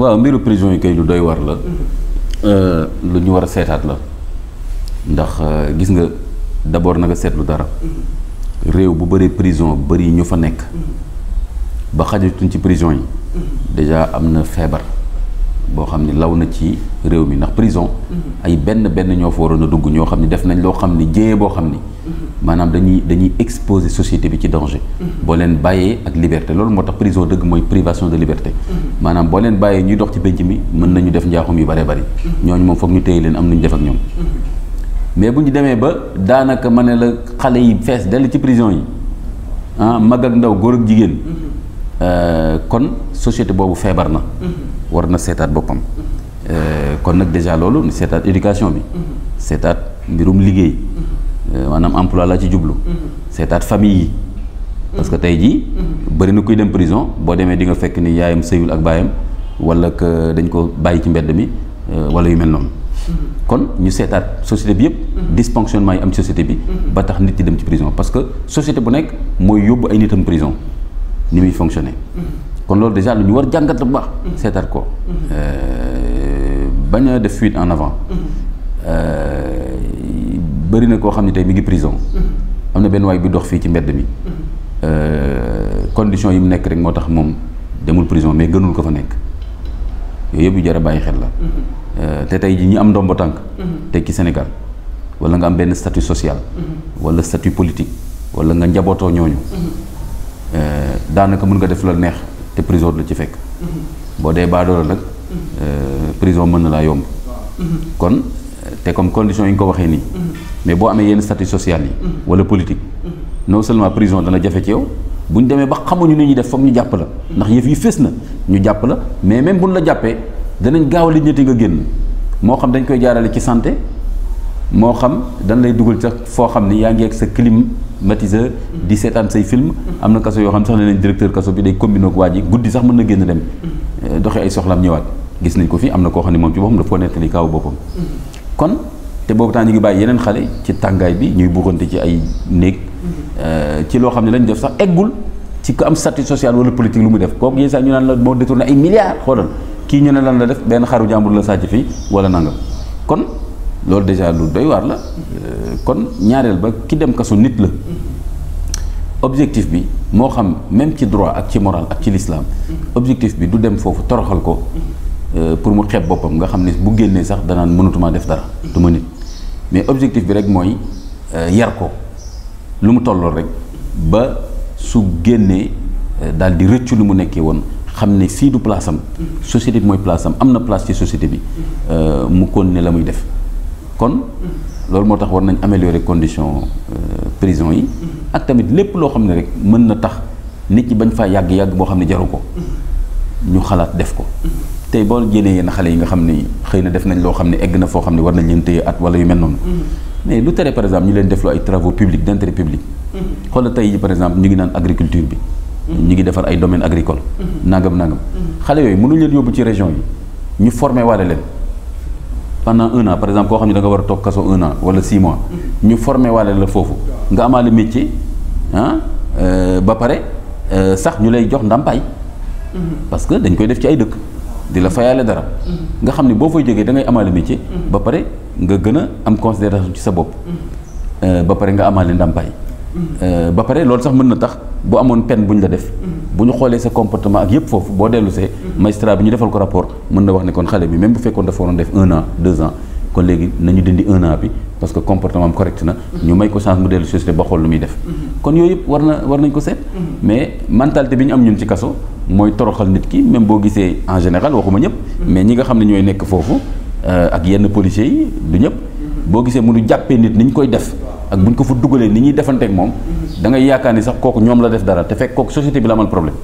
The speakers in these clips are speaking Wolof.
waaw mbiru prison yi kay lu doy war la mhm. euh, lu ñu war a seetaat la ndax euh, gis nga d'abord na nga seetlu dara mhm. réew bu bëree prison bëri ñu fa nekk mhm. ba xajatuñ ci prison yi déjà am na feebar boo xam ni law na ci réew mi ndax prison ay benn benn ñoo fa waroon a dugg ñoo xam ni def nañ loo xam ni jéyee boo xam ni maanaam dañuy dañuy exposer société bi ci danger. Mm-hmm. boo leen bàyyee ak liberté loolu moo tax prison dëgg mooy privation de liberté. Mm-hmm. maanaam boo leen bàyyee ñuy dox ci pénc mi mën nañu def njaaxum yu bare bari. Mm-hmm. ñooñu moom foog ñu téye leen am nañu def ak ñoom. mais bu ñu demee ba daanaka ma ne la xale yi fees dell ci prison yi ah mag ak ndaw góor ak jigéen. Euh, kon société boobu feebar na. war na seetaat boppam. Euh, kon nag déjà loolu seetaat éducation bi. seetaat mbirum liggéey. Euh, maanaam emploi laa ci jublu. Mm-hmm. seetaat famille yi. parce que mm-hmm. tey jii. Mm-hmm. bëri na kuy dem prison boo demee di nga fekk ni yaayam sëyul ak baayam wala que dañ ko bàyyi ci mbedd mi euh, wala yu mel noonu. kon ñu seetaat société bi yëpp. dysfonctionnement yi am ci société bi. ba tax nit yi dem ci prison parce que société bu nekk mooy yóbbu ay nitam prison ni muy fonctionner. kon loolu déjà lu ñu war jàngat la bu baax. seetaat ko. Euh, bañ a def fuite en avant. bëri na koo xam ne tey mu ngi prison mm-hmm. am na benn waay bi dox fii ci mbedd mi mm-hmm. euh, condition yi mu nekk rek moo tax moom demul prison mais gënul ko fa nekk yooyu yëpp yu jar a bàyyi xel la mm-hmm. euh, te tey ji ñi am ndombo tànk tey ci Sénégal wala nga am benn statut social wala statut politique wala nga njabootoo ñooñu euh, daanaka mën nga def la neex te prison la ci fekk boo dee baadoola nag prison mën na laa yomb kon te comme condition yi nga ko waxee nii. mais boo amee yenn statut social yi. wala politique. non seulement prison dana jafe ci yow bu ñu demee ba xamuñu ni ñuy def foog ñu jàpp la ndax yëf yi fés na ñu jàpp la mais même buñ la jàppee danañ gaaw a lijjanti nga génn moo xam dañ koy jaarale ci santé moo xam dañ lay dugal ca foo xam ni yaa ngi ak sa climatiseur di seetaan say film am na kaso yoo xam sax ne nañ directeur kaso bi day combiner ak waa ji guddi sax mën na génn dem mm. eh, doxee ay soxlaam ñëwaat gis nañ ko fi am na koo xam ne moom ci boppam daf ko nettali kaaw boppam mm. kon te boobu temps ñi ngi bàyyi yeneen xale ci tàngaay bi ñuy buuxante ci ay néeg mhm. euh, ci loo xam ne lañ def sax eggul ci ku am sarti social wala politique lu mu def kooku yenn saa ñu naan la moo détourné ay milliards xoolal kii ñu ne lan la def benn xaru jàmbur la sàcc fii wala nangam kon loolu déjà lu doy waar la euh, kon ñaareel ba ki dem kaso nit la mhm. objectif bi moo xam même ci droit ak ci moral ak ci l'islam mhm. objectif bi du dem foofu toroxal ko Euh, pour mu xeeb boppam nga xam ne bu génnee sax danaan mënatuma def dara du ma nit mais objectif bi rek mooy euh, yar ko lu mu tollool rek ba su génnee euh, daal di rëccu lu mu nekkee woon xam ne sii du place am société bi mooy place am am na place ci société bi mu kon ne la muy def kon loolu moo tax war nañ améliorer condition prison yi ak tamit lépp loo xam ne rek mën na tax nit ñi bañ faa yàgg-yàgg boo xam ne jaru ko ñu xalaat def ko tey boo jëlee yenn xale yi nga xam ni xëy na def nañ loo xam ne egg na foo xam ne war nañ leen téye wala yu mel noonu. Mm-hmm. mais lu tere par exemple ñu leen def loo ay travaux publics d'intérêt public. Mm-hmm. tey par exemple ñu ngi naan agriculture bi. Mm-hmm. ñu ngi defar ay domaine agricole nangam nangam. xale yooyu mënuñ leen yóbbu ci région yi ñu formé waale leen pendant un an par exemple koo xam ne da nga war a toog kaso un an wala six ñu formé waale la foofu nga amaale métier ah euh, ba pare euh, sax ñu lay jox ndàmpaay. parce que dañ koy def ci ay dëkk. di la fayaale dara. nga xam ne boo fay jógee dangay ngay amaale métier. ba pare nga gën a am considération ci sa bopp. Euh, ba pare nga amaale ndàmpaay. Euh, ba pare lool sax mën na tax bu amoon peine bu ñu la def. bu ñu xoolee sa comportement ak yëpp foofu boo dellusee. magistrat bi ñu defal ko rapport mën na wax ne kon xale bi même bu fekkoon dafa waroon def un an deux ans kon léegi nañu dindi un an bi parce que comportement am correct na. ñu may ko chance mu dellu société ba xool lu muy def. kon yooyu yëpp war na war nañ ko seet. mais mentalité bi ñu am ñun ci kaso mooy toroxal nit ki même boo gisee en général waxuma ñëpp. mais ñi nga xam ne ñooy nekk foofu euh, ak yenn policiers yi du ñëpp. boo gisee nu jàppee nit ni ñu koy def. ak bu ñu ko fa dugalee ni ñuy defanteeg moom. dangay yaakaar ni sax kooku ñoom la def dara te fekk kooku société bi la amal problème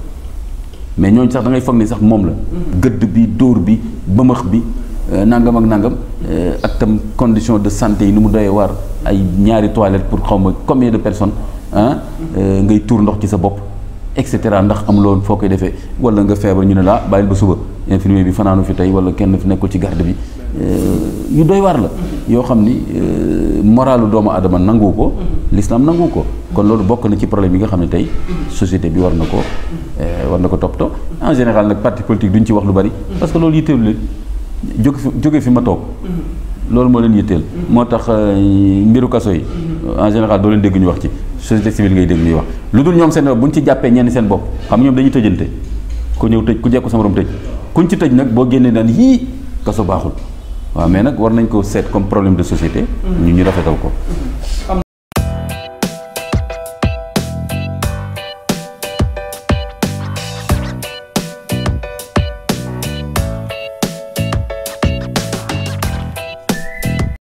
mais ñooñu sax da ngay foog ni sax moom la. gëdd bi dóor bi bëmëx bi. Euh, nangam ak nangam euh, ak tam condition de santé yi nu mu doyee waar ay ñaari toilette pour xaw ma combien de personnes ah ngay tuur ndox ci sa bopp et cetera ndax am loolu foo koy defee wala nga feebar ñu ne laa ah, bàyyil ba suba infirmier bi fanaanu fi tey wala kenn fi nekkul ci garde bi yu doy waar la yoo xam ni moralu doomu adama nanguwu ko l'islam nangu ko kon loolu bokk na ci problème yi nga xam ne tey société bi war na ko war na ko toppatoo en général nag parti politique duñ ci wax lu bari jóge fi jóge fi ma toog. Mm-hmm. loolu moo leen yitteel. Mm-hmm. moo tax euh, mbiru kaso yi. Mm-hmm. en général doo leen dégg ñu wax ci société civile ngay dégg ñuy wax lu dul ñoom seen bopp bu ñu ci jàppee ñenn seen bopp xam ñoom dañuy tëjante ku ñëw tëj ku jekku sama morom tëj kuñ ci tëj nag boo génnee daan yii kaso baaxul waaw mais nag war nañ ko seet comme problème de société. ñu ñu rafetal ko.